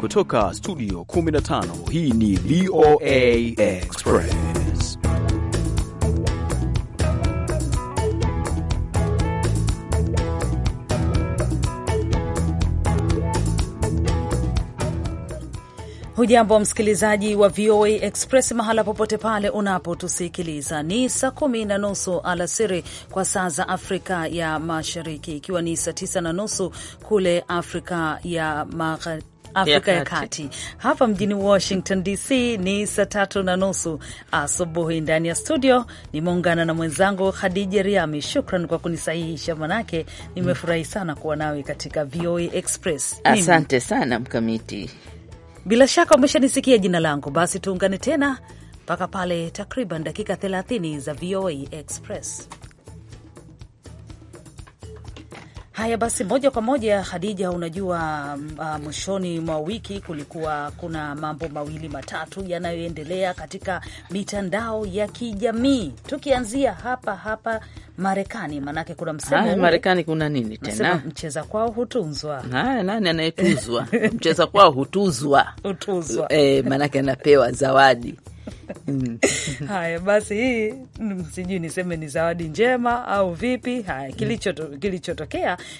Kutoka studio 15 hii ni VOA Express. Hujambo msikilizaji wa VOA Express mahala popote pale unapotusikiliza. Ni saa kumi na nusu alasiri kwa saa za Afrika ya Mashariki, ikiwa ni saa tisa na nusu kule Afrika ya Magharibi Afrika ya Kati. Hapa mjini Washington DC ni saa tatu na nusu asubuhi. Ndani ya studio nimeungana na mwenzangu Khadija Riami. Shukran kwa kunisahihisha, manake nimefurahi sana kuwa nawe katika VOA Express. Asante sana Mkamiti, bila shaka umeshanisikia jina langu. Basi tuungane tena mpaka pale takriban dakika 30 za VOA Express. Haya basi, moja kwa moja Khadija, unajua uh, mwishoni mwa wiki kulikuwa kuna mambo mawili matatu yanayoendelea katika mitandao ya kijamii, tukianzia hapa hapa Marekani, maanake kuna msemo Marekani kuna nini tena, mcheza kwao hutunzwa. Haya, nani anayetuzwa? mcheza kwao hutuzwa, hutuzwa. E, eh, maanake anapewa zawadi Mm. Haya basi, hii mm, sijui niseme ni zawadi njema au vipi? Haya, mm. kilichotokea kilicho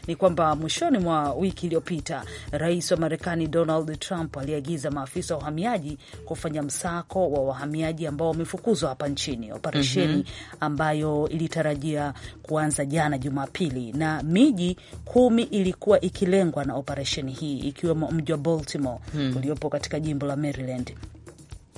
ni kwamba mwishoni mwa wiki iliyopita rais wa Marekani Donald Trump aliagiza maafisa wa uhamiaji kufanya msako wa wahamiaji ambao wamefukuzwa hapa nchini, operesheni mhm. ambayo ilitarajia kuanza jana Jumapili, na miji kumi ilikuwa ikilengwa na operesheni hii ikiwemo mji wa Baltimore hmm. uliopo katika jimbo la Maryland,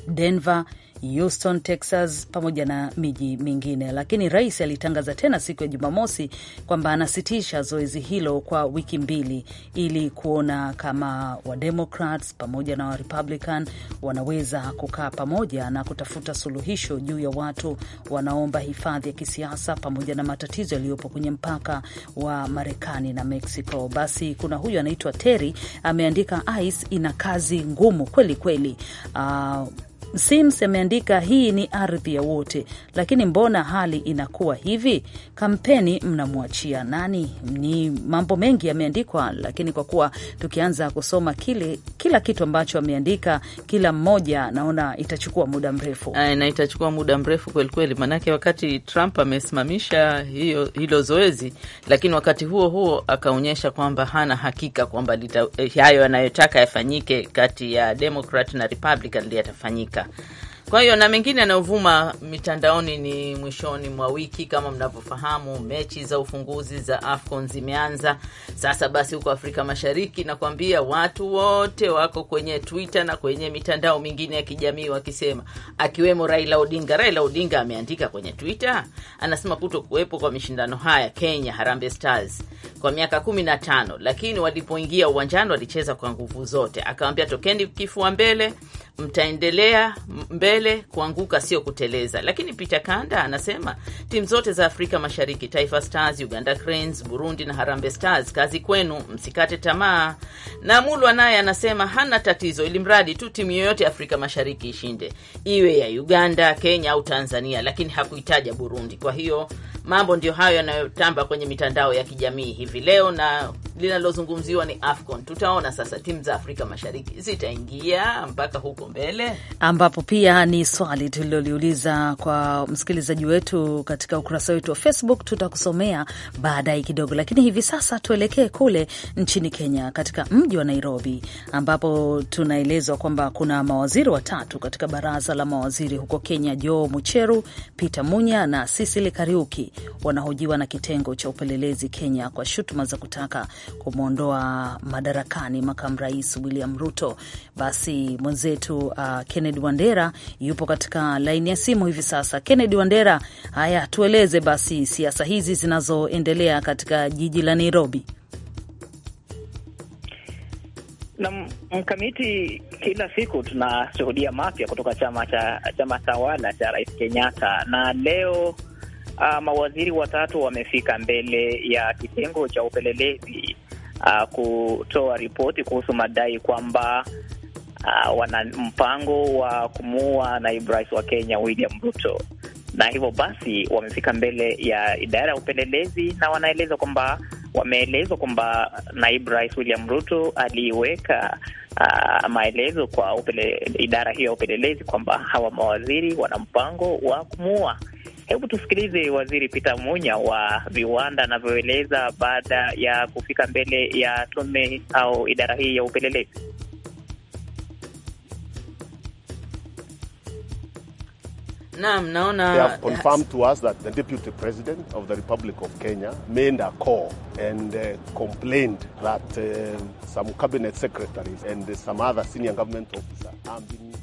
Denver Houston, Texas pamoja na miji mingine. Lakini rais alitangaza tena siku ya Jumamosi kwamba anasitisha zoezi hilo kwa wiki mbili ili kuona kama Wademocrats pamoja na Warepublican wanaweza kukaa pamoja na kutafuta suluhisho juu ya watu wanaomba hifadhi ya kisiasa pamoja na matatizo yaliyopo kwenye mpaka wa Marekani na Mexico. Basi kuna huyu anaitwa Terry ameandika ICE ina kazi ngumu kweli kweli. Uh, Sims ameandika hii ni ardhi ya wote, lakini mbona hali inakuwa hivi? Kampeni mnamwachia nani? Ni mambo mengi yameandikwa, lakini kwa kuwa tukianza kusoma kile kila kitu ambacho ameandika kila mmoja, naona itachukua muda mrefu na itachukua muda mrefu kwelikweli, maanake wakati Trump amesimamisha hiyo hilo zoezi, lakini wakati huo huo akaonyesha kwamba hana hakika kwamba eh, hayo yanayotaka yafanyike kati ya Democrat na Republican yatafanyika. Afrika. Kwa hiyo na mengine yanayovuma mitandaoni ni mwishoni mwa wiki, kama mnavyofahamu, mechi za ufunguzi za AFCON zimeanza sasa. Basi huko Afrika Mashariki, nakuambia watu wote wako kwenye Twitter na kwenye mitandao mingine ya kijamii wakisema, akiwemo Raila Odinga. Raila Odinga ameandika kwenye Twitter, anasema kuto kuwepo kwa mashindano haya Kenya, Harambee Stars kwa miaka kumi na tano, lakini walipoingia uwanjani walicheza kwa nguvu zote. Akawambia tokeni kifua mbele, mtaendelea mbele kuanguka, sio kuteleza. Lakini Peter Kanda anasema timu zote za Afrika Mashariki, Taifa Stars, Uganda Cranes, Burundi na harambe Stars, kazi kwenu, msikate tamaa. Na Mulwa naye anasema hana tatizo, ili mradi tu timu yoyote Afrika Mashariki ishinde, iwe ya Uganda, Kenya au Tanzania, lakini hakuitaja Burundi. Kwa hiyo Mambo ndio hayo yanayotamba kwenye mitandao ya kijamii hivi leo, na linalozungumziwa ni AFCON. Tutaona sasa timu za Afrika Mashariki zitaingia mpaka huko mbele, ambapo pia ni swali tuliloliuliza kwa msikilizaji wetu katika ukurasa wetu wa Facebook. Tutakusomea baadaye kidogo, lakini hivi sasa tuelekee kule nchini Kenya, katika mji wa Nairobi, ambapo tunaelezwa kwamba kuna mawaziri watatu katika baraza la mawaziri huko Kenya: Joe Mucheru, Peter Munya na Sisili Kariuki wanahojiwa na kitengo cha upelelezi Kenya kwa shutuma za kutaka kumwondoa madarakani makamu rais William Ruto. Basi mwenzetu uh, Kennedy Wandera yupo katika laini ya simu hivi sasa. Kennedy Wandera, haya, tueleze basi siasa hizi zinazoendelea katika jiji la Nairobi. Na mkamiti, kila siku tunashuhudia mapya kutoka chama cha chama tawala cha Rais Kenyatta, na leo uh, mawaziri watatu wamefika mbele ya kitengo cha upelelezi uh, kutoa ripoti kuhusu madai kwamba uh, wana mpango wa kumuua naibu rais wa Kenya William Ruto, na hivyo basi wamefika mbele ya idara ya upelelezi na wanaeleza kwamba wameelezwa kwamba naibu rais William Ruto aliweka uh, maelezo kwa upele, idara hiyo ya upelelezi kwamba hawa mawaziri wana mpango wa kumuua Hebu tusikilize Waziri Peter Munya wa viwanda anavyoeleza baada ya kufika mbele ya tume au idara hii ya upelelezi. Naam, naona they have confirmed to us that the deputy president of the Republic of Kenya made a call and uh, complained that uh, some cabinet secretaries and uh, some other senior government officers are being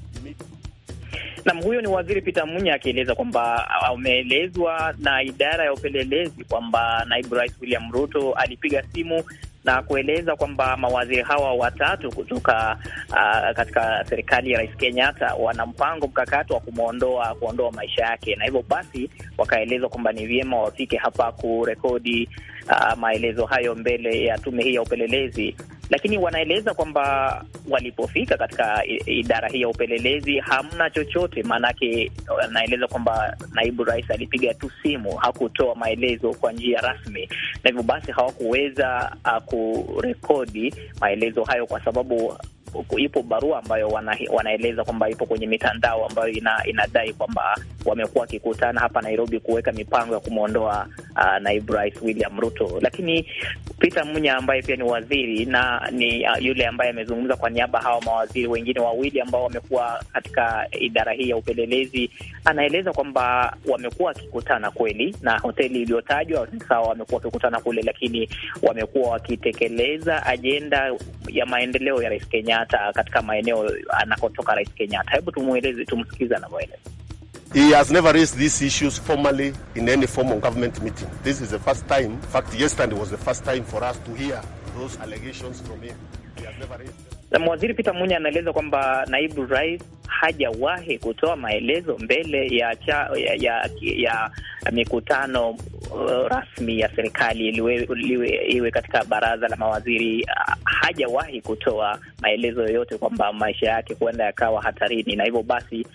Nam, huyo ni Waziri Peter Munya akieleza kwamba ameelezwa na idara ya upelelezi kwamba naibu rais William Ruto alipiga simu na kueleza kwamba mawaziri hawa watatu kutoka uh, katika serikali ya Rais Kenyatta wana mpango mkakati wa kumwondoa kuondoa maisha yake, na hivyo basi wakaelezwa kwamba ni vyema wafike hapa kurekodi uh, maelezo hayo mbele ya tume hii ya upelelezi lakini wanaeleza kwamba walipofika katika idara hii ya upelelezi hamna chochote. Maanake anaeleza kwamba naibu rais alipiga tu simu, hakutoa maelezo kwa njia rasmi, na hivyo basi hawakuweza ah, kurekodi maelezo hayo kwa sababu ipo barua ambayo wana, wanaeleza kwamba ipo kwenye mitandao ambayo ina, inadai kwamba wamekuwa wakikutana hapa Nairobi kuweka mipango ya kumwondoa uh, naibu rais William Ruto, lakini Peter Munya ambaye pia ni waziri na ni uh, yule ambaye amezungumza kwa niaba hawa mawaziri wengine wawili ambao wamekuwa katika idara hii ya upelelezi, anaeleza kwamba wamekuwa wakikutana kweli na hoteli iliyotajwa sawa, wamekuwa wakikutana kule, lakini wamekuwa wakitekeleza ajenda ya maendeleo ya rais Kenya Kenyatta katika maeneo anakotoka Rais Kenyatta. Hebu tumweleze, tumsikize anavyoeleza. He has never raised these issues formally in any form of government meeting. This is the first time. In fact, yesterday was the first time for us to hear those allegations from him. He has never raised them mwaziri Peter Munya anaeleza kwamba naibu rais hajawahi kutoa maelezo mbele ya, cha, ya, ya, ya mikutano uh, rasmi ya serikali iwe katika baraza la mawaziri. Uh, hajawahi kutoa maelezo yoyote kwamba maisha yake huenda yakawa hatarini, na hivyo basi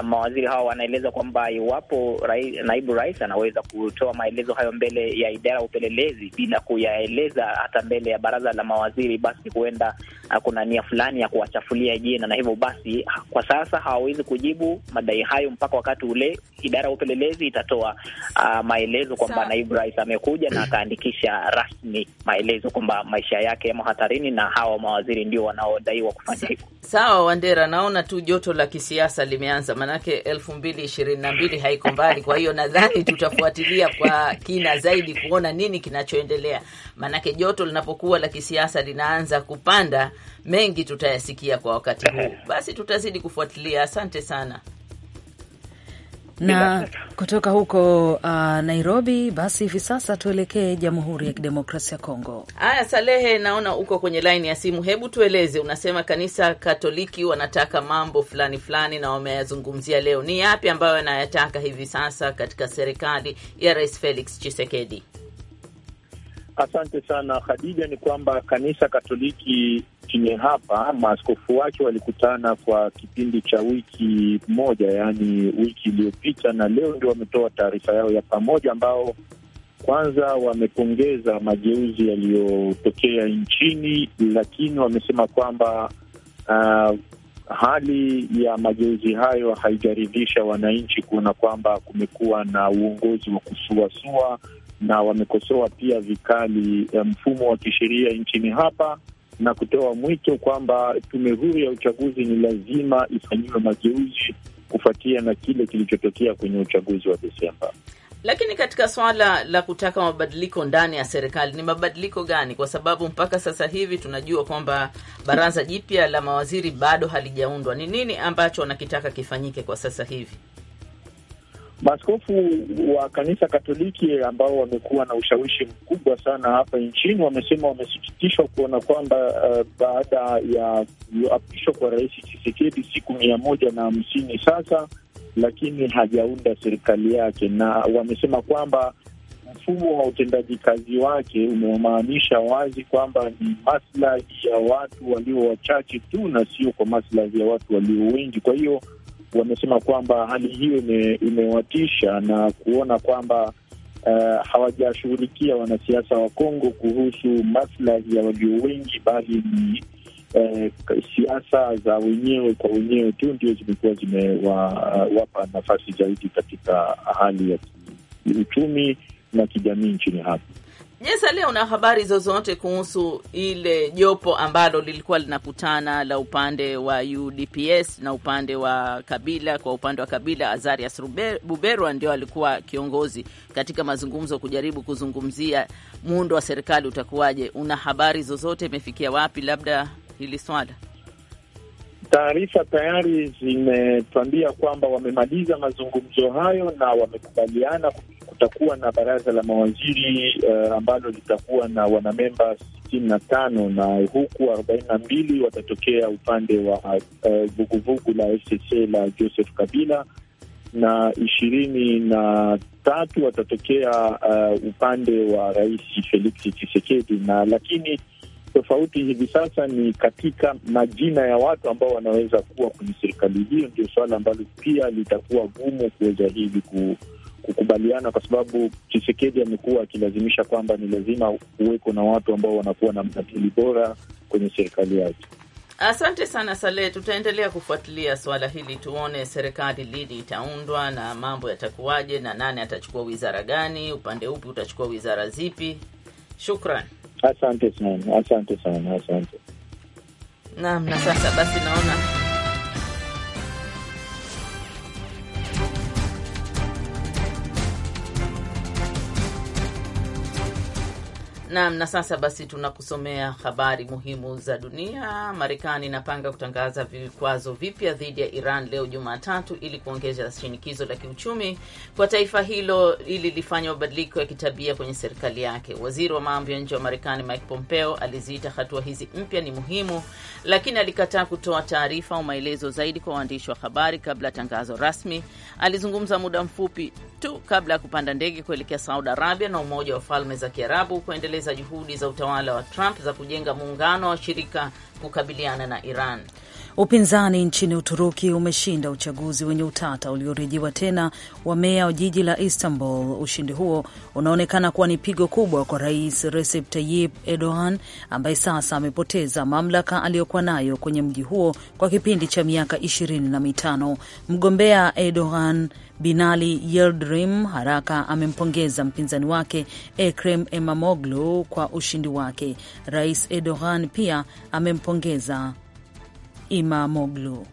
uh, mawaziri hawa wanaeleza kwamba iwapo naibu rais anaweza kutoa maelezo hayo mbele ya idara ya upelelezi bila kuyaeleza hata mbele ya baraza la mawaziri, basi huenda uh, kuna nia fulani ya kuwachafulia jina, na hivyo basi kwa sasa hawawezi kujibu madai hayo mpaka wakati ule idara ya upelelezi itatoa uh, maelezo kwamba naibu rais amekuja na akaandikisha rasmi maelezo kwamba maisha yake yamo hatarini, na hawa mawaziri ndio wanaodaiwa kufanya hivyo. Sawa, Wandera, naona tu joto la kisiasa limeanza, maanake elfu mbili ishirini na mbili haiko mbali. Kwa hiyo nadhani tutafuatilia kwa kina zaidi kuona nini kinachoendelea, maanake joto linapokuwa la kisiasa linaanza kupanda mengi mengi tutayasikia kwa wakati huu, basi tutazidi kufuatilia. Asante sana na kutoka huko uh, Nairobi. Basi hivi sasa tuelekee Jamhuri ya Kidemokrasia ya Kongo. Aya, Salehe, naona uko kwenye laini ya simu, hebu tueleze. Unasema kanisa Katoliki wanataka mambo fulani fulani na wameyazungumzia leo. Ni yapi ambayo anayataka hivi sasa katika serikali ya Rais Felix Tshisekedi? Asante sana Khadija. Ni kwamba kanisa Katoliki chini hapa maaskofu wake walikutana kwa kipindi cha wiki moja, yaani wiki iliyopita, na leo ndio wametoa taarifa yao ya pamoja, ambao kwanza wamepongeza mageuzi yaliyotokea nchini, lakini wamesema kwamba uh, hali ya mageuzi hayo haijaridhisha wananchi, kuona kwamba kumekuwa na uongozi wa kusuasua, na wamekosoa pia vikali eh, mfumo wa kisheria nchini hapa na kutoa mwito kwamba tume huru ya uchaguzi ni lazima ifanyiwe mageuzi kufuatia na kile kilichotokea kwenye uchaguzi wa Desemba. Lakini katika swala la kutaka mabadiliko ndani ya serikali, ni mabadiliko gani? Kwa sababu mpaka sasa hivi tunajua kwamba baraza jipya la mawaziri bado halijaundwa. Ni nini ambacho wanakitaka kifanyike kwa sasa hivi? Maaskofu wa kanisa Katoliki ambao wamekuwa na ushawishi mkubwa sana hapa nchini wamesema wamesikitishwa kuona kwamba uh, baada ya kuapishwa kwa Rais chisekedi siku mia moja na hamsini sasa, lakini hajaunda serikali yake, na wamesema kwamba mfumo wa utendaji kazi wake umemaanisha wazi kwamba ni maslahi ya watu walio wachache tu na sio kwa maslahi ya watu walio wengi. Kwa hiyo wamesema kwamba hali hiyo imewatisha na kuona kwamba uh, hawajashughulikia wanasiasa wa Kongo kuhusu maslahi ya walio wengi, bali ni uh, siasa za wenyewe kwa wenyewe tu ndio zimekuwa zimewapa uh, nafasi zaidi katika hali ya kiuchumi na kijamii nchini hapa. Yes, leo una habari zozote kuhusu ile jopo ambalo lilikuwa linakutana la upande wa UDPS na upande wa Kabila? Kwa upande wa Kabila, Azarias Buberwa ndio alikuwa kiongozi katika mazungumzo kujaribu kuzungumzia muundo wa serikali utakuwaje. Una habari zozote, imefikia wapi labda hili swala? Taarifa tayari zimetuambia kwamba wamemaliza mazungumzo hayo na wamekubaliana kutakuwa na baraza la mawaziri uh, ambalo litakuwa na wanamemba sitini na tano na huku arobaini na mbili watatokea upande wa eh, vuguvugu uh, la FCC la Joseph Kabila na ishirini na tatu watatokea uh, upande wa Rais Felix Tshisekedi, na lakini tofauti hivi sasa ni katika majina ya watu ambao wanaweza kuwa kwenye serikali hiyo. Ndio suala ambalo pia litakuwa gumu kuweza hivi ku kukubaliana, kwa sababu Chisekedi amekuwa akilazimisha kwamba ni lazima uweko na watu ambao wanakuwa na mratili bora kwenye serikali yake. Asante sana Saleh, tutaendelea kufuatilia swala hili, tuone serikali lini itaundwa na mambo yatakuwaje, na nani atachukua wizara gani, upande upi utachukua wizara zipi. Shukran, asante sana, asante sana, asante. Naam, na sasa basi naona Naam, na sasa basi tunakusomea habari muhimu za dunia. Marekani inapanga kutangaza vikwazo vipya dhidi ya Iran leo Jumatatu ili kuongeza shinikizo la kiuchumi kwa taifa hilo ili lifanya mabadiliko ya kitabia kwenye serikali yake. Waziri wa mambo ya nje wa Marekani Mike Pompeo aliziita hatua hizi mpya ni muhimu, lakini alikataa kutoa taarifa au maelezo zaidi kwa waandishi wa habari kabla ya tangazo rasmi. Alizungumza muda mfupi tu kabla ya kupanda ndege kuelekea Saudi Arabia na Umoja wa Falme za Kiarabu kuendeleza kuendeleza juhudi za utawala wa Trump za kujenga muungano wa shirika kukabiliana na Iran. Upinzani nchini Uturuki umeshinda uchaguzi wenye utata uliorejewa tena wa meya wa jiji la Istanbul. Ushindi huo unaonekana kuwa ni pigo kubwa kwa Rais Recep Tayyip Erdogan ambaye sasa amepoteza mamlaka aliyokuwa nayo kwenye mji huo kwa kipindi cha miaka ishirini na mitano. Mgombea Erdogan Binali Yildirim haraka amempongeza mpinzani wake Ekrem Imamoglu kwa ushindi wake. Rais Erdogan pia amempongeza Imamoglu.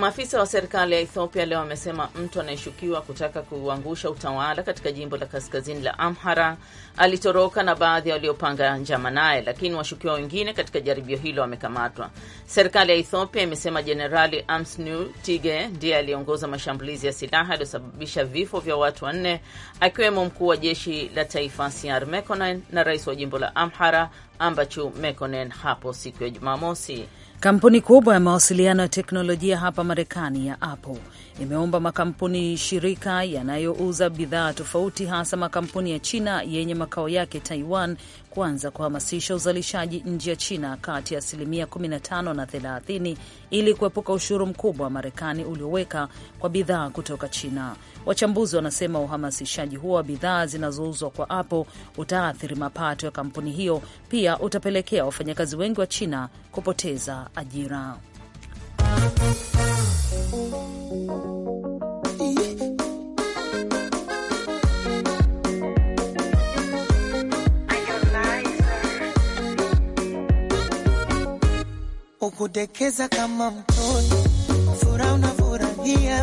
Maafisa um, wa serikali ya Ethiopia leo amesema mtu anayeshukiwa kutaka kuangusha utawala katika jimbo la kaskazini la Amhara alitoroka na baadhi ya waliopanga njama naye, lakini washukiwa wengine katika jaribio hilo wamekamatwa. Serikali ya Ethiopia imesema Jenerali Amsnu Tige ndiye aliongoza mashambulizi ya silaha yaliyosababisha vifo vya watu wanne, akiwemo mkuu wa jeshi la taifa Siar Mekonnen na rais wa jimbo la Amhara Ambachu Mekonen hapo siku ya Jumamosi. Kampuni kubwa ya mawasiliano ya teknolojia hapa Marekani ya Apple imeomba makampuni shirika yanayouza bidhaa tofauti hasa makampuni ya China yenye makao yake Taiwan kuanza kuhamasisha uzalishaji nje ya China kati ya asilimia 15 na 30 ili kuepuka ushuru mkubwa wa Marekani ulioweka kwa bidhaa kutoka China. Wachambuzi wanasema uhamasishaji huo wa bidhaa zinazouzwa kwa Apple utaathiri mapato ya kampuni hiyo, pia utapelekea wafanyakazi wengi wa China kupoteza ajira. Ukudekeza kama mtoni, furaha unafurahia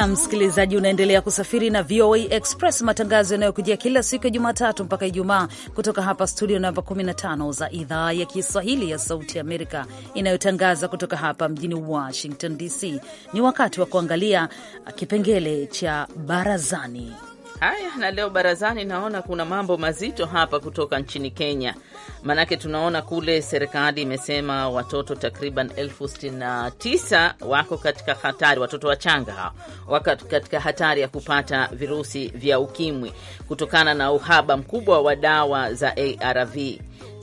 na msikilizaji, unaendelea kusafiri na VOA Express, matangazo yanayokujia kila siku ya Jumatatu mpaka Ijumaa kutoka hapa studio namba 15 za idhaa ya Kiswahili ya Sauti Amerika inayotangaza kutoka hapa mjini Washington DC. Ni wakati wa kuangalia kipengele cha barazani. Haya, na leo barazani, naona kuna mambo mazito hapa kutoka nchini Kenya, maanake tunaona kule serikali imesema watoto takriban elfu sitini na tisa wako katika hatari, watoto wachanga hawa wako katika hatari ya kupata virusi vya ukimwi kutokana na uhaba mkubwa wa dawa za ARV.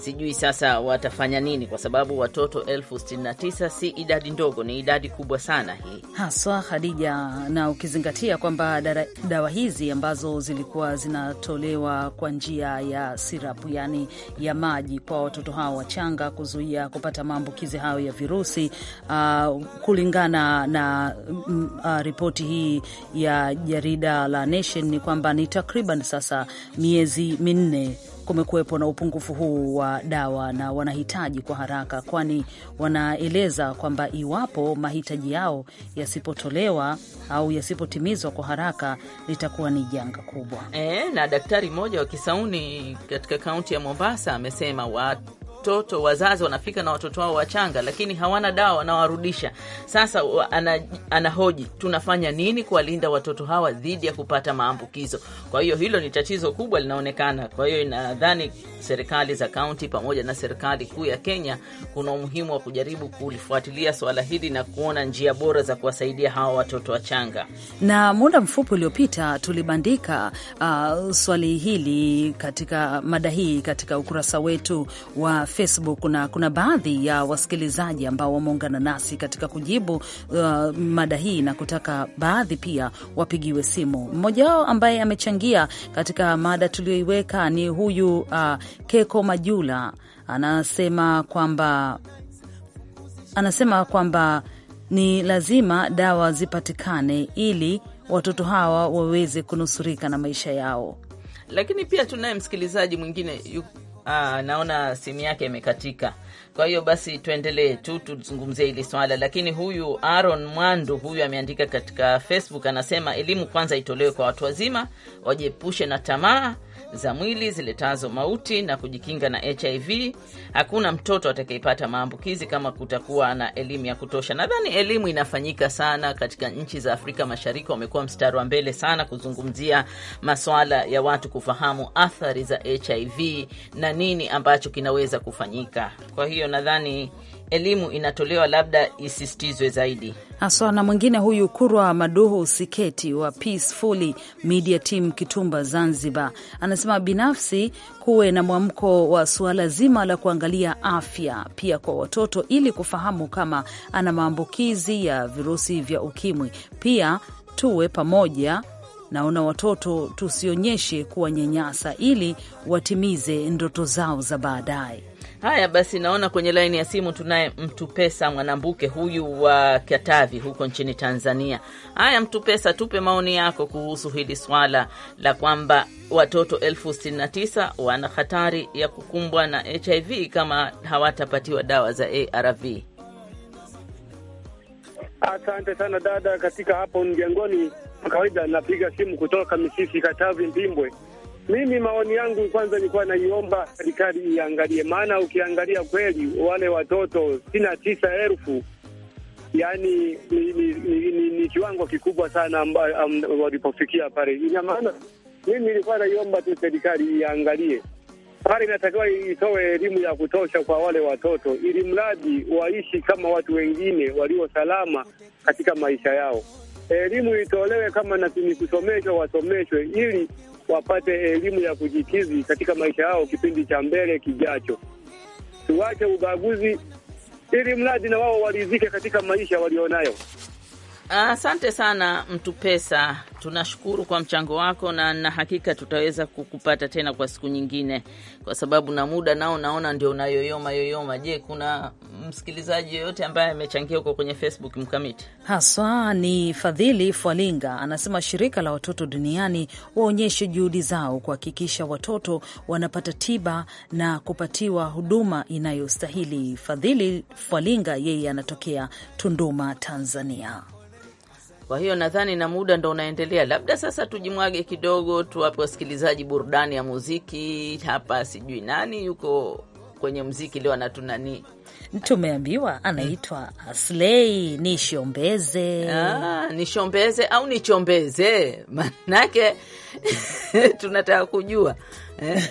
Sijui sasa watafanya nini, kwa sababu watoto elfu sitini na tisa si idadi ndogo, ni idadi kubwa sana hii haswa, Khadija, na ukizingatia kwamba dawa hizi ambazo zilikuwa zinatolewa kwa njia ya sirapu, yaani ya maji, kwa watoto hao wachanga kuzuia kupata maambukizi hayo ya virusi uh, kulingana na mm, uh, ripoti hii ya jarida la Nation ni kwamba ni takriban sasa miezi minne kumekuwepo na upungufu huu wa dawa na wanahitaji kwa haraka, kwani wanaeleza kwamba iwapo mahitaji yao yasipotolewa au yasipotimizwa kwa haraka litakuwa ni janga kubwa. E, na daktari mmoja wa Kisauni katika kaunti ya Mombasa amesema wa watoto, wazazi wanafika na watoto wao wachanga, lakini hawana dawa, wanawarudisha. Sasa anahoji, tunafanya nini kuwalinda watoto hawa dhidi ya kupata maambukizo? Kwa hiyo hilo ni tatizo kubwa linaonekana. Kwa hiyo inadhani serikali za kaunti pamoja na serikali kuu ya Kenya kuna umuhimu wa kujaribu kulifuatilia swala hili na kuona njia bora za kuwasaidia hawa watoto wachanga. Na muda mfupi uliopita tulibandika uh, swali hili katika mada hii katika ukurasa wetu wa Facebook, na kuna baadhi ya wasikilizaji ambao wameungana nasi katika kujibu uh, mada hii na kutaka baadhi pia wapigiwe simu. Mmoja wao ambaye amechangia katika mada tuliyoiweka ni huyu uh, Keko Majula anasema kwamba anasema kwamba ni lazima dawa zipatikane ili watoto hawa waweze kunusurika na maisha yao. Lakini pia tunaye msikilizaji mwingine Ah, naona simu yake imekatika. Kwa hiyo basi tuendelee tu tuzungumzie hili swala, lakini huyu Aaron Mwandu huyu ameandika katika Facebook, anasema elimu kwanza itolewe kwa watu wazima, wajiepushe na tamaa za mwili ziletazo mauti na kujikinga na HIV. Hakuna mtoto atakayepata maambukizi kama kutakuwa na elimu ya kutosha. Nadhani elimu inafanyika sana katika nchi za Afrika Mashariki, wamekuwa mstari wa mbele sana kuzungumzia maswala ya watu kufahamu athari za HIV na nini ambacho kinaweza kufanyika. Kwa hiyo nadhani elimu inatolewa labda isisitizwe zaidi haswa. Na mwingine huyu Kurwa Maduhu Siketi wa Peacefully Media Team Kitumba, Zanzibar, anasema binafsi kuwe na mwamko wa suala zima la kuangalia afya pia kwa watoto ili kufahamu kama ana maambukizi ya virusi vya ukimwi. Pia tuwe pamoja naona watoto tusionyeshe kuwanyanyasa, ili watimize ndoto zao za baadaye. Haya basi, naona kwenye laini ya simu tunaye mtu pesa Mwanambuke, huyu wa Katavi huko nchini Tanzania. Haya mtu pesa, tupe maoni yako kuhusu hili swala la kwamba watoto elfu sitini na tisa wana hatari ya kukumbwa na HIV kama hawatapatiwa dawa za ARV. Asante sana dada, katika hapo mjengoni. Kawaida napiga simu kutoka Misisi, Katavi, Mpimbwe. Mimi maoni yangu kwanza, nilikuwa naiomba serikali iangalie, maana ukiangalia kweli wale watoto sitini na tisa elfu yaani ni, ni, ni, ni, ni kiwango kikubwa sana um, walipofikia pale. Ina maana mimi nilikuwa naiomba tu serikali iangalie pale, inatakiwa itoe elimu ya kutosha kwa wale watoto, ili mradi waishi kama watu wengine walio salama katika maisha yao. Elimu itolewe, kama ni kusomeshwa wasomeshwe, ili wapate elimu ya kujikizi katika maisha yao kipindi cha mbele kijacho. Tuwache ubaguzi, ili mradi na wao waridhike katika maisha walionayo. Asante sana mtu pesa, tunashukuru kwa mchango wako, na na hakika tutaweza kukupata tena kwa siku nyingine, kwa sababu na muda nao naona ndio unayoyoma yoyoma. Je, kuna msikilizaji yoyote ambaye amechangia huko kwenye Facebook mkamiti haswa ni Fadhili Fwalinga anasema shirika la watoto duniani waonyeshe juhudi zao kuhakikisha watoto wanapata tiba na kupatiwa huduma inayostahili. Fadhili Fwalinga yeye anatokea Tunduma, Tanzania. Kwa hiyo nadhani na muda ndo unaendelea, labda sasa tujimwage kidogo, tuwape wasikilizaji burudani ya muziki hapa. Sijui nani yuko kwenye mziki leo anatunani tumeambiwa anaitwa Aslei ni shombeze. Ah, ni shombeze au ni chombeze? Manake tunataka kujua eh,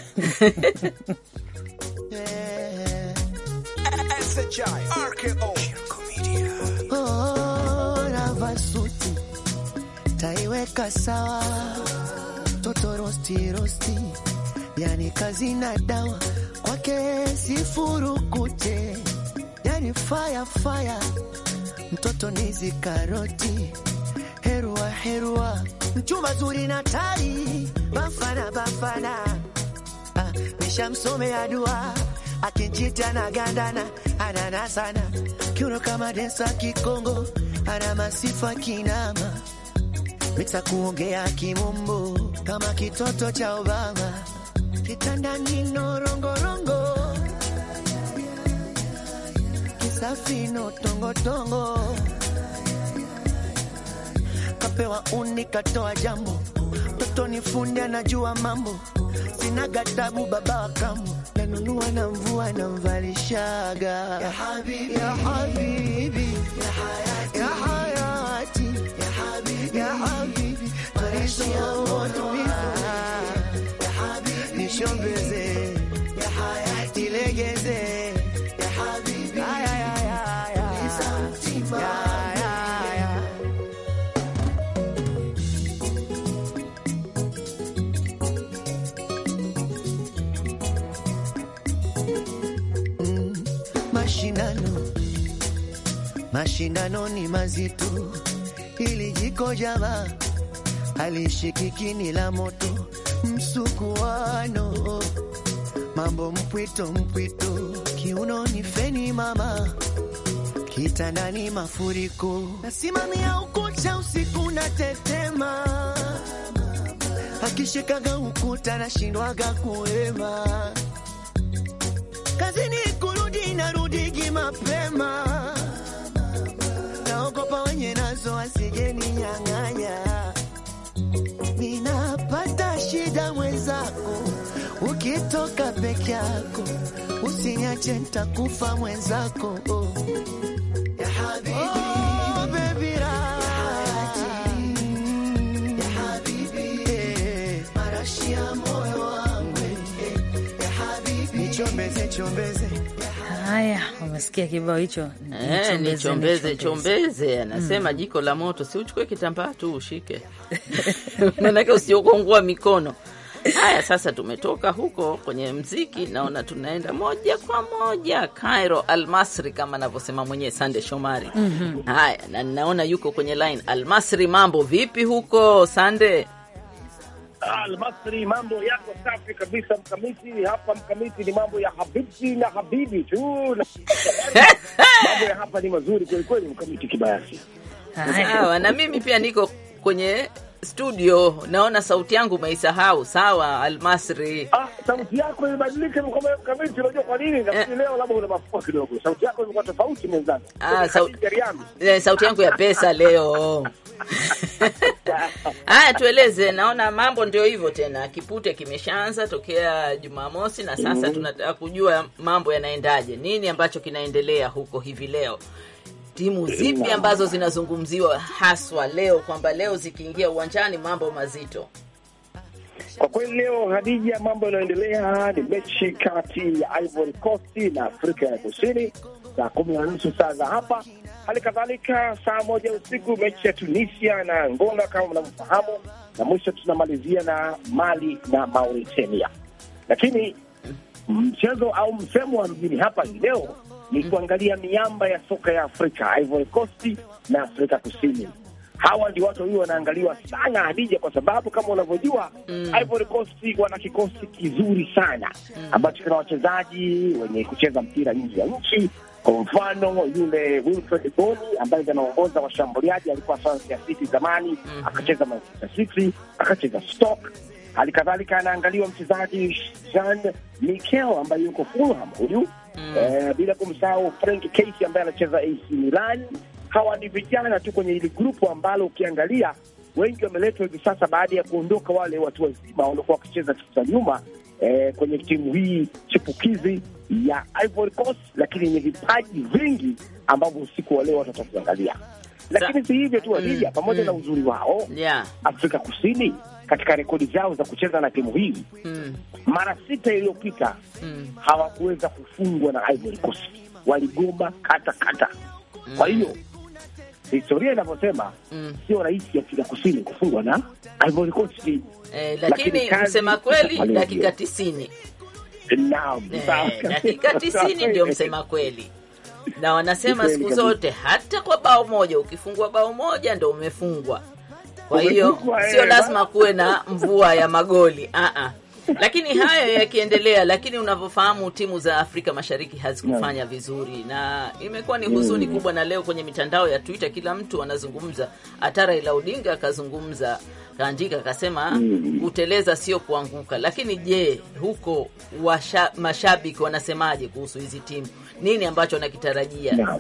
taiweka sawa yani kazi na dawa kwake sifurukute, yani fire fire, mtoto nizi karoti, herua herua, mchumba zuri na tai bafana bafana, ah, nishamsomea dua akinchita na gandana anana sana kiuno kama densa Kikongo ana masifa kinama mita kuongea kimumbu kama kitoto cha Obama kitanda nino rongorongo kisafino tongotongo kapewa uni katoa jambo toto ni nifundi anajua mambo sina gatabu baba wa kambo nanunua na mvua na mvalishaga ya habibi, ya hayati, ya habibi, ya habibi, ya habibi, Mashindano ni mazito, ili jiko jama halishikiki, ni la moto msukuano, mambo mpwito mpwito, ni feni mama, kitandani mafuriko, nasimamia ukuta usiku na tetema, akishikaga ukuta nashindwaga kuema, kazini kurudi rudigi mapema, naogopa wenye nazo nyang'anya mwenzako, ukitoka peke yako usiache, ntakufa mwenzako, oh, Haya, umesikia kibao hicho, eh, ni chombeze chombeze. Anasema mm. jiko la moto, si uchukue kitambaa tu ushike, maanake usiokongua mikono Haya, sasa tumetoka huko kwenye mziki, naona tunaenda moja kwa moja Cairo Almasri, kama anavyosema mwenyewe Sande Shomari. mm -hmm. Haya, na naona yuko kwenye line Almasri, mambo vipi huko Sande? Almasri, mambo yako safi kabisa Mkamiti. Hapa Mkamiti ni mambo ya habibi na habibi tu mambo ya hapa ni mazuri kwelikweli Mkamiti kibayasi. Sawa, na mimi pia niko kwenye studio, naona sauti yangu umeisahau. Sawa, Almasri. Ah, sauti yako imebadilika kamiti. Unajua kwa nini? Nafikiri eh. leo labda una mafua kidogo, sauti yako imekuwa tofauti mwenzangu. Ah, sauti eh, sauti yangu ya pesa leo. Haya, tueleze. Naona mambo ndio hivyo tena, kipute kimeshaanza tokea Jumamosi na sasa mm -hmm. tunataka kujua mambo yanaendaje, nini ambacho kinaendelea huko hivi leo timu zipi ambazo zinazungumziwa haswa leo kwamba leo zikiingia uwanjani mambo mazito? Kwa kweli leo, Hadija, mambo yanayoendelea ni mechi kati ya Ivory Coast na Afrika ya Kusini saa kumi na nusu saa za hapa. Hali kadhalika saa moja usiku mechi ya Tunisia na Angola kama mnavyofahamu, na mwisho tunamalizia na Mali na Mauritania. Lakini mchezo au msemo wa mjini hapa hii leo ni kuangalia miamba ya soka ya Afrika, Ivory Coast na Afrika Kusini. Hawa ndio watu walio wanaangaliwa sana Hadija, kwa sababu kama unavyojua mm. Ivory Coast wana kikosi kizuri sana mm. ambacho kina wachezaji wenye kucheza mpira nje ya nchi. Kwa mfano yule Wilfred Bony ambaye anaongoza washambuliaji alikuwa Swansea City zamani mm -hmm. akacheza Manchester City, akacheza Stoke. Hali kadhalika anaangaliwa mchezaji Jean Mikel ambaye yuko Fulham huyu mm. Eh, bila kumsahau Frank Casey ambaye anacheza AC Milan. Hawa ni vijana tu kwenye hili grupu ambalo ukiangalia wengi wameletwa hivi sasa baada ya kuondoka wale watu wazima waliokuwa wakicheza siku za nyuma eh, kwenye timu hii chipukizi ya Ivory Coast, lakini yenye vipaji vingi ambavyo usiku wa leo watatoka lakini si hivyo tu Adija, mm, pamoja mm, na uzuri wao yeah. Afrika Kusini katika rekodi zao za kucheza na timu hii mm, mara sita iliyopita mm, hawakuweza kufungwa na Ivory Coast, waligoma kata kata. Mm. Kwa hiyo historia inavyosema mm, sio rahisi Afrika Kusini kufungwa na Ivory Coast eh, lakini msema kweli dakika tisini. Naam, eh, dakika tisini ndio msema kweli na wanasema siku zote hata kwa bao moja, ukifungua bao moja ndo umefungwa. Kwa hiyo eh, sio lazima kuwe na mvua ya magoli uh-uh. Lakini hayo yakiendelea, lakini unavyofahamu timu za Afrika Mashariki hazikufanya vizuri, na imekuwa ni huzuni mm. kubwa. Na leo kwenye mitandao ya Twitter kila mtu anazungumza, hata Raila Odinga akazungumza kaandika akasema mm, kuteleza sio kuanguka. Lakini je, huko washa, mashabiki wanasemaje kuhusu hizi timu? Nini ambacho wanakitarajia?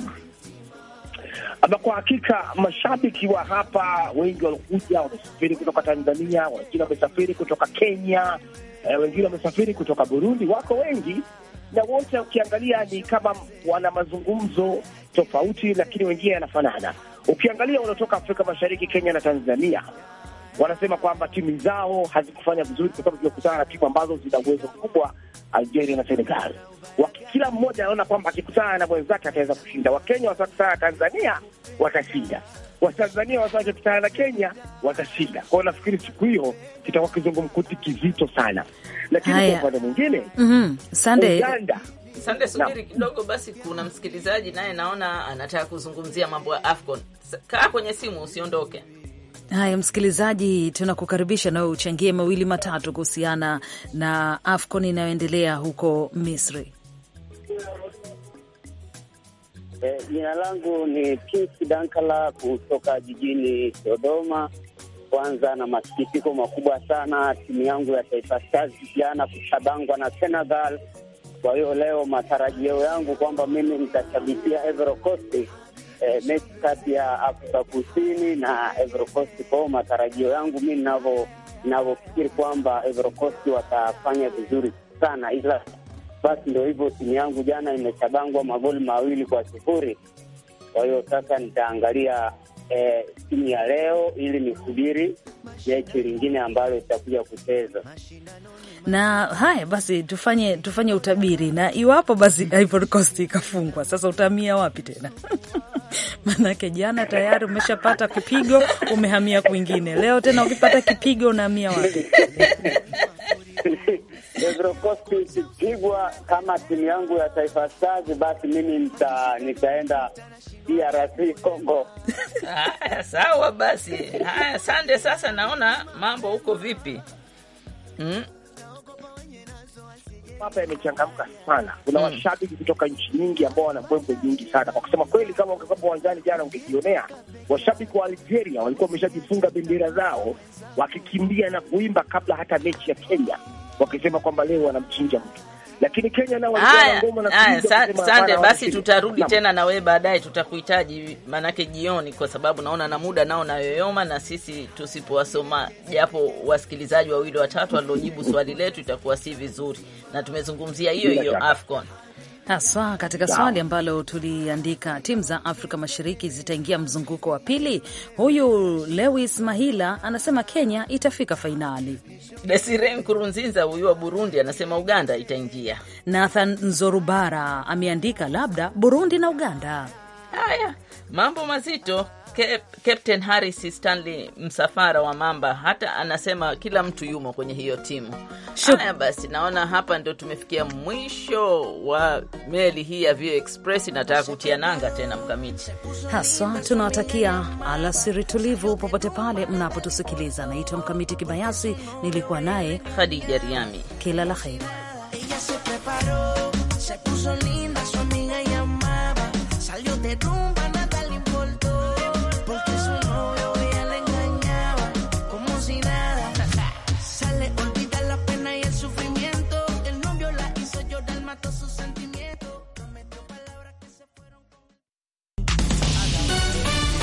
ama kwa hakika mashabiki wa hapa wengi walikuja, wamesafiri kutoka Tanzania, wengine wamesafiri kutoka Kenya, eh, wengine wamesafiri kutoka Burundi, wako wengi na wote ukiangalia ni kama wana mazungumzo tofauti, lakini wengine yanafanana. Ukiangalia wanaotoka Afrika Mashariki, Kenya na Tanzania, wanasema kwamba timu zao hazikufanya vizuri kwa sababu zimekutana na timu ambazo zina uwezo mkubwa, Algeria na Senegal. Kila mmoja anaona kwamba akikutana na mwenzake ataweza kushinda. Wakenya wasakutana na Tanzania watashinda, Watanzania watakutana na Kenya watashinda. Kwa hiyo nafikiri siku hiyo kitakuwa kizungumkuti kizito sana, lakini kwa upande mwingine mm -hmm. Uganda Sande, subiri kidogo basi, kuna msikilizaji naye naona anataka kuzungumzia mambo ya AFCON. Kaa kwenye simu usiondoke. Haya, msikilizaji, tunakukaribisha nawe uchangie mawili matatu kuhusiana na AFCON inayoendelea huko Misri. Eh, jina eh, langu ni Pins Dankala kutoka jijini Dodoma. Kwanza na masikitiko makubwa sana timu yangu ya Taifa Stars jana kushabangwa na Senegal. Kwa hiyo leo matarajio yangu kwamba mimi nitashabikia Ivory Coast eh, mechi kati ya Afrika Kusini na Ivory Coast. Kwa matarajio yangu mi ninavyofikiri kwamba Ivory Coast watafanya vizuri sana, ila basi ndio hivyo, timu yangu jana imechabangwa magoli mawili kwa sifuri. Kwa hiyo sasa nitaangalia eh, ya leo ili nisubiri mechi lingine ambalo itakuja kucheza na haya basi, tufanye tufanye utabiri, na iwapo basi Ivory Coast ikafungwa, sasa utahamia wapi tena? Manake jana tayari umeshapata kipigo, umehamia kwingine. Leo tena ukipata kipigo unahamia wapi? Evrokosti ikipigwa kama timu yangu ya Taifa Stars, basi mimi nita, nitaenda DRC Congo. Haya, sawa basi. Haya, sande. Sasa naona mambo huko vipi? Hmm? hapa yamechangamka sana. Kuna mm. washabiki kutoka nchi nyingi ambao wana mbwembwe nyingi sana. Kwa kusema kweli, kama ungekuwa uwanjani jana, ungejionea washabiki wa Algeria walikuwa wameshajifunga bendera zao wakikimbia na kuimba kabla hata mechi ya Kenya, wakisema kwamba leo wanamchinja mtu lakini Kenya nao ngoma na sande. Basi tutarudi tena na wewe baadaye, tutakuhitaji manake jioni, kwa sababu naona na muda nao nayoyoma, na sisi tusipowasoma japo wasikilizaji wawili watatu waliojibu swali letu itakuwa si vizuri, na tumezungumzia hiyo hiyo AFCON haswa katika swali ambalo tuliandika, timu za Afrika Mashariki zitaingia mzunguko wa pili. Huyu Lewis Mahila anasema Kenya itafika fainali. Desire Nkurunziza huyu wa Burundi anasema Uganda itaingia. Nathan Nzorubara ameandika labda Burundi na Uganda. Haya, mambo mazito. Captain Harris Stanley, msafara wa Mamba, hata anasema kila mtu yumo kwenye hiyo timu. Haya basi, naona hapa ndio tumefikia mwisho wa meli hii ya Vio Express. Nataka kutia nanga tena mkamiti haswa. Tunawatakia alasiri tulivu popote pale mnapotusikiliza. Naitwa Mkamiti Kibayasi, nilikuwa naye Khadija Riami. Kila la heri.